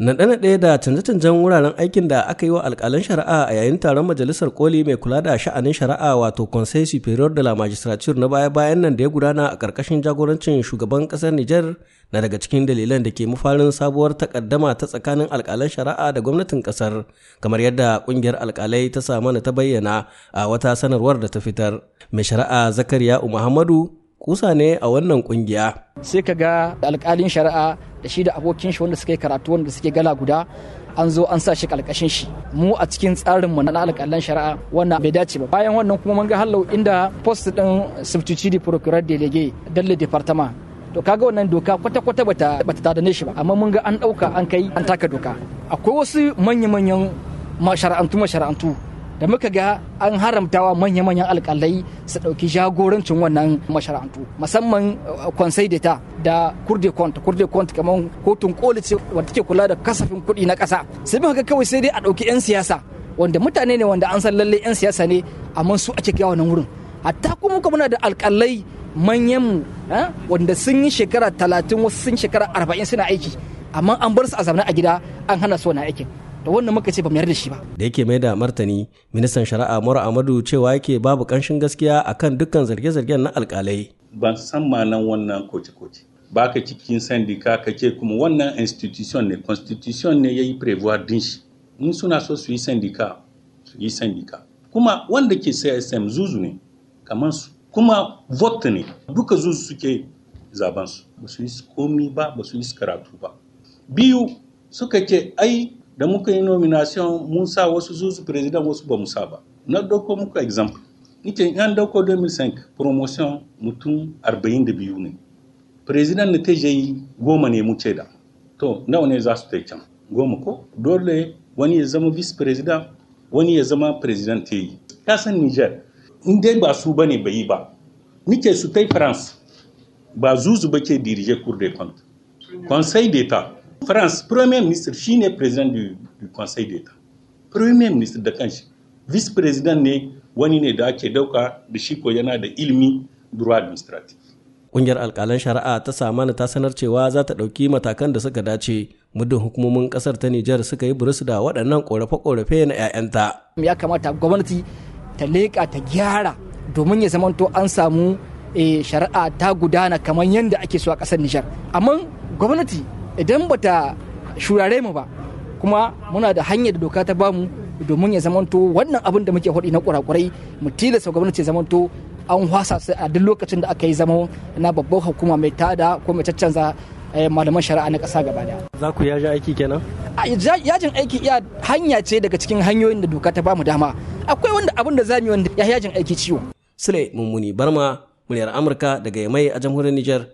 naɗe ɗaya da canje-canjen wuraren aikin da aka yi wa Alƙalin shari'a a yayin taron majalisar koli mai kula da sha'anin shari'a wato conseil superior de la magistrature na baya-bayan nan da ya gudana a ƙarƙashin jagorancin shugaban ƙasar niger na daga cikin dalilan da ke mafarin sabuwar takaddama ta tsakanin alƙalan shari'a da gwamnatin ƙasar kamar yadda ƙungiyar alƙalai ta mana ta bayyana a wata sanarwar da ta fitar mai shari'a zakariya muhammadu kusa ne a wannan kungiya. Sai ka ga alkalin shari'a da shi da abokin shi wanda suka yi karatu wanda suke gala guda an zo an sa shi kalkashin shi mu a cikin tsarin mu na alƙalan shari'a wannan bai dace ba bayan wannan kuma mun ga hallau inda post din substitute procureur delege dalle departement to kaga wannan doka kwata kwata bata bata ne shi ba amma mun ga an dauka an kai an taka doka akwai wasu manya manyan mashara'antu mashara'antu da muka ga an haramtawa manya-manyan alkalai su ɗauki jagorancin wannan masharantu musamman uh, kwansai da ta da kurde kont kurde kont kamar kotun koli ce take kula da kasafin kuɗi na ƙasa sai muka ga kawai sai dai a ɗauki 'yan siyasa wanda mutane ne wanda an san lalle 'yan siyasa ne amma su ake kai wannan wurin hatta kuma muka muna da alkalai mu eh, wanda sun yi shekara talatin wasu sun shekara arba'in suna aiki amma an bar su a zaune a gida an hana su wani aikin da wannan muka ce ba mu yarda shi ba da yake mai da martani ministan shari'a mura amadu cewa yake babu kanshin gaskiya akan dukkan zarge-zargen na alkalai ban san malan wannan koce-koce ka cikin sandika ce kuma wannan institution ne constitution ne yayi prevoir din shi in suna so su yi sandika su yi sandika kuma wanda ke CSM zuzu ne kamar su kuma vote ne duka zuzu suke zaben su ba su yi komi ba ba su yi karatu ba biyu suka ce ai da muka yi nomination mun sa wasu zuzu president wasu ba mu sa ba na dauko muku example nike yan dauko 2005 promotion mutum 42 ne president na ta yi goma ne mu ce da to nawa ne za su ta can goma ko dole wani ya zama vice president wani ya zama president ta yi ka san niger in dai ba su ba ne ba yi ba nike su ta france ba zuzu ba ke dirije cour des comptes conseil d'etat France, Premier ministre shi ne president du, du Conseil d'État. Premier ministre de Kanchi. Vice president ne wani ne da ake dauka da shi ko yana da ilimi droit administratif. Ƙungiyar alƙalan shari'a ta samana ta sanar cewa za ta ɗauki matakan da suka dace muddin hukumomin ƙasar ta Nijar suka yi burus da waɗannan ƙorafe-ƙorafe na 'ya'yanta. Ya kamata gwamnati ta leƙa ta gyara domin ya zamanto an samu eh, shari'a ta gudana kamar yadda ake so a ƙasar Nijar. Amma gwamnati idan bata shurare mu ba kuma muna da hanyar da doka ta bamu domin ya zamanto wannan abin da muke faɗi na kurakurai mu tilasta gwamnati ya zamanto an wasa a duk lokacin da aka yi zama na babban hukuma mai tada ko mai caccanza eh, malaman shari'a na ƙasa gaba daya. Za ku yaji aiki kenan? Yajin aiki iya hanya ce daga cikin hanyoyin da doka ta bamu dama. Akwai wanda abin da zamu yi wanda ya yajin aiki ciwo. Sule Mummuni Barma, muryar Amurka daga Yamai a jamhuriyar Nijar.